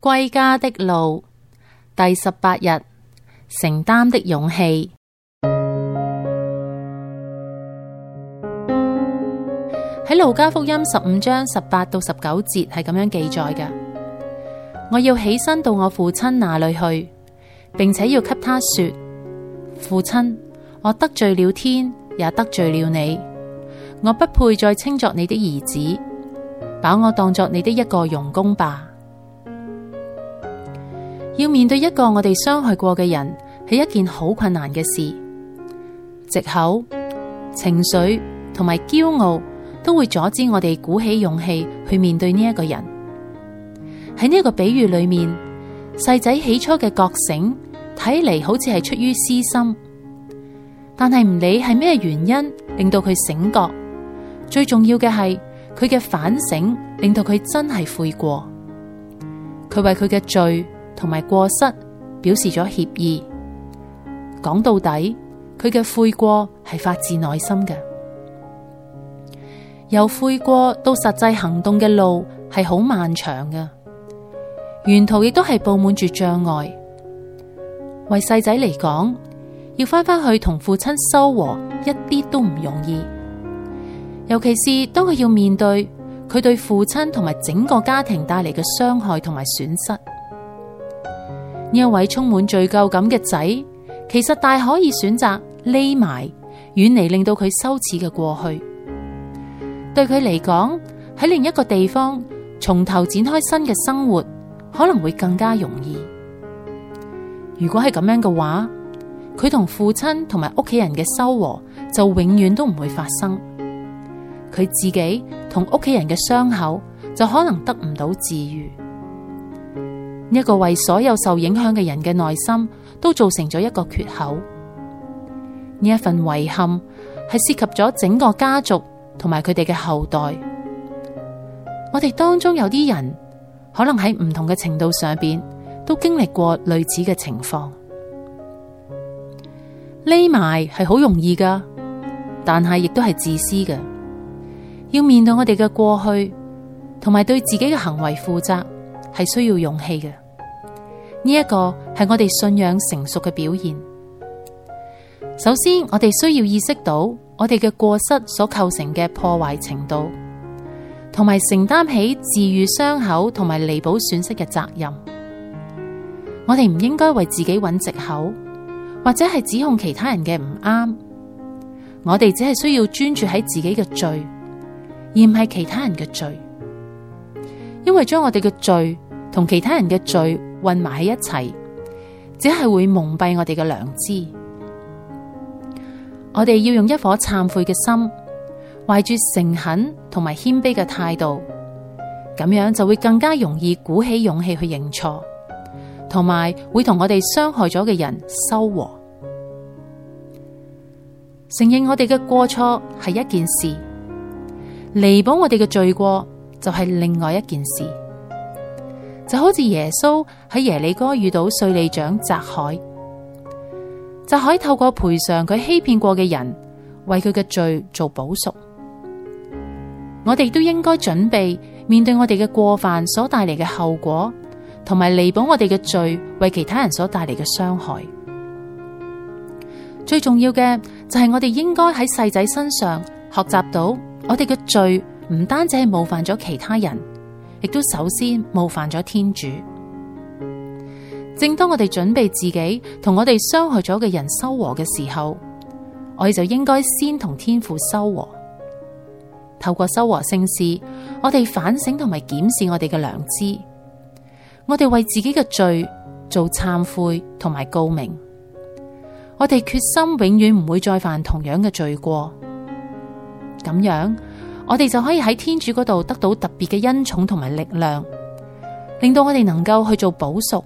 歸家的路，第十八日，承擔的勇氣，喺路 加福音十五章十八到十九節係咁樣記載嘅。我要起身到我父親那裏去，並且要給他說：父親，我得罪了天，也得罪了你，我不配再稱作你的兒子，把我當作你的一個傭工吧。要面對一個我哋傷害過嘅人，係一件好困難嘅事。藉口、情緒同埋驕傲都會阻止我哋鼓起勇氣去面對呢一個人。喺呢個比喻裏面，細仔起初嘅覺醒睇嚟好似係出於私心，但係唔理係咩原因令到佢醒覺，最重要嘅係佢嘅反省令到佢真係悔過。佢為佢嘅罪，同埋過失，表示咗歉意。講到底，佢嘅悔過係發自內心嘅。由悔過到實際行動嘅路係好漫長嘅，沿途亦都係布滿住障礙。為細仔嚟講，要翻返去同父親修和，一啲都唔容易，尤其是當佢要面對佢對父親同埋整個家庭帶嚟嘅傷害同埋損失。呢一位充滿罪疚感嘅仔，其實大可以選擇匿埋，遠離令到佢羞恥嘅過去。對佢嚟講，喺另一個地方從頭展開新嘅生活，可能會更加容易。如果係咁樣嘅話，佢同父親同埋屋企人嘅修和就永遠都唔會發生，佢自己同屋企人嘅傷口就可能得唔到治癒。呢一個為所有受影響嘅人嘅內心都造成咗一個缺口。呢一份遺憾係涉及咗整個家族同埋佢哋嘅後代。我哋當中有啲人可能喺唔同嘅程度上邊都經歷過類似嘅情況。匿埋係好容易㗎，但係亦都係自私嘅。要面對我哋嘅過去，同埋對自己嘅行為負責，係需要勇氣嘅，呢一個係我哋信仰成熟嘅表現。首先，我哋需要意識到我哋嘅過失所構成嘅破壞程度，同埋承擔起治癒傷口同埋彌補損失嘅責任。我哋唔應該為自己揾藉口，或者係指控其他人嘅唔啱。我哋只係需要專注喺自己嘅罪，而唔係其他人嘅罪，因為將我哋嘅罪同其他人嘅罪混埋喺一齊，只係會蒙蔽我哋嘅良知。我哋要用一顆懺悔嘅心，懷住誠懇同埋謙卑嘅態度，咁樣就會更加容易鼓起勇氣去認錯，同埋會同我哋傷害咗嘅人修和。承認我哋嘅過錯係一件事，彌補我哋嘅罪過就係另外一件事。就好似耶穌喺耶里哥遇到稅吏長匝凱，匝凱透過賠償佢欺騙過嘅人，為佢嘅罪做補贖。我哋都應該準備面對我哋嘅過犯所帶嚟嘅後果，同埋彌補我哋嘅罪為其他人所帶嚟嘅傷害。最重要嘅就係我哋應該喺細仔身上學習到，我哋嘅罪唔單止係冒犯咗其他人，亦都首先冒犯咗天主。正當我哋準備自己同我哋傷害咗嘅人修和嘅時候，我哋就應該先同天父修和。透過修和聖事，我哋反省同埋檢視我哋嘅良知，我哋為自己嘅罪做懺悔同埋告明，我哋決心永遠唔會再犯同樣嘅罪過。咁樣。我哋就可以喺天主嗰度得到特別嘅恩寵同埋力量，令到我哋能夠去做補贖，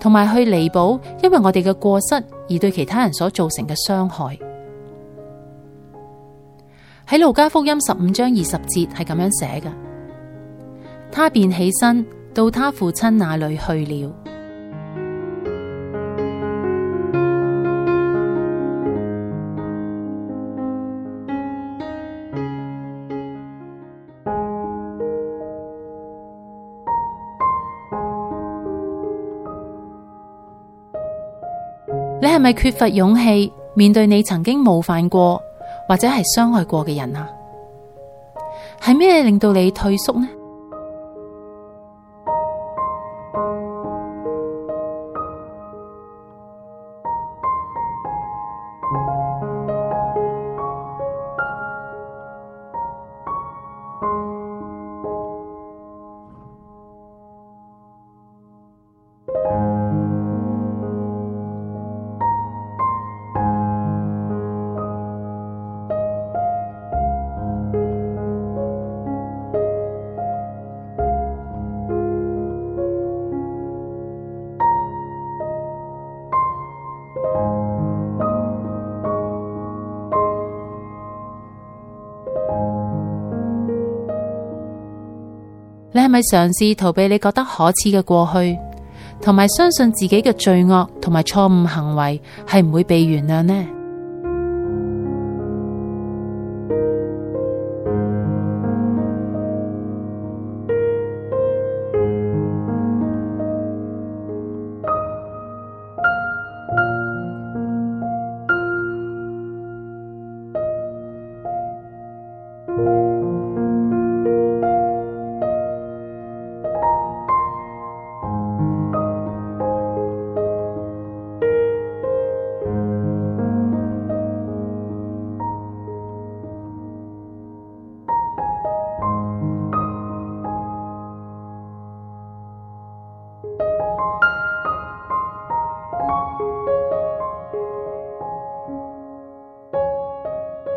同埋去彌補，因為我哋嘅過失而對其他人所造成嘅傷害。喺路加福音十五章二十節係咁樣寫嘅：他便起身到他父親那裏去了。你係咪缺乏勇氣面對你曾經冒犯過或者係傷害過嘅人啊？係咩令到你退縮呢？你係咪嘗試逃避你覺得可恥嘅過去，同埋相信自己嘅罪惡同埋錯誤行為係唔會被原諒呢？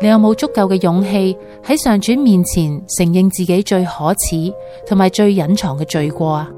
你有冇足夠嘅勇氣喺上主面前承認自己最可恥同埋最隱藏嘅罪過啊？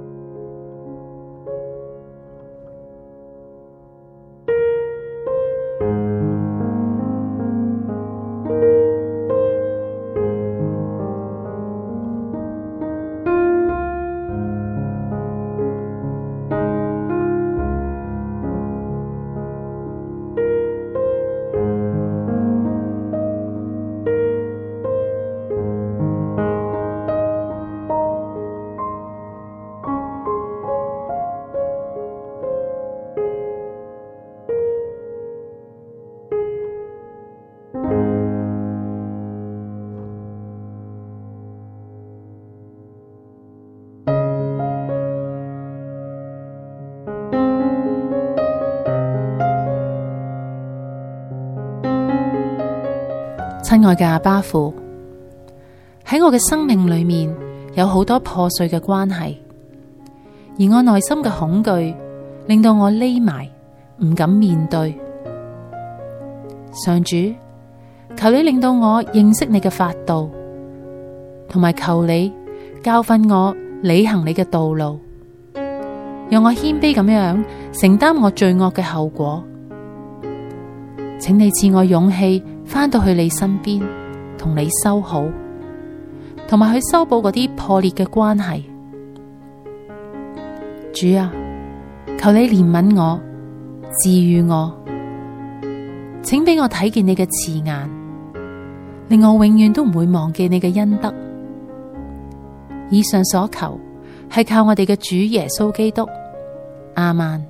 親愛嘅阿爸父，喺我嘅生命裏面有好多破碎嘅關係，而我內心嘅恐懼令到我匿埋，唔敢面對。上主，求你令到我認識你嘅法度，同埋求你教訓我履行你嘅道路，讓我謙卑咁樣承擔我罪惡嘅後果，請你賜我勇氣，返到去你身邊，同你修好，同埋去修補嗰啲破裂嘅關係。主啊，求你憐憫我，治癒我，請俾我睇見你嘅慈顏，令我永遠都唔會忘記你嘅恩德。以上所求，係靠我哋嘅主耶穌基督。亞孟。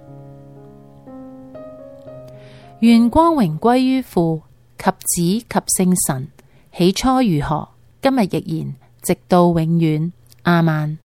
願光榮歸於父。及子及聖神，起初如何，今日亦然，直到永遠。亞孟。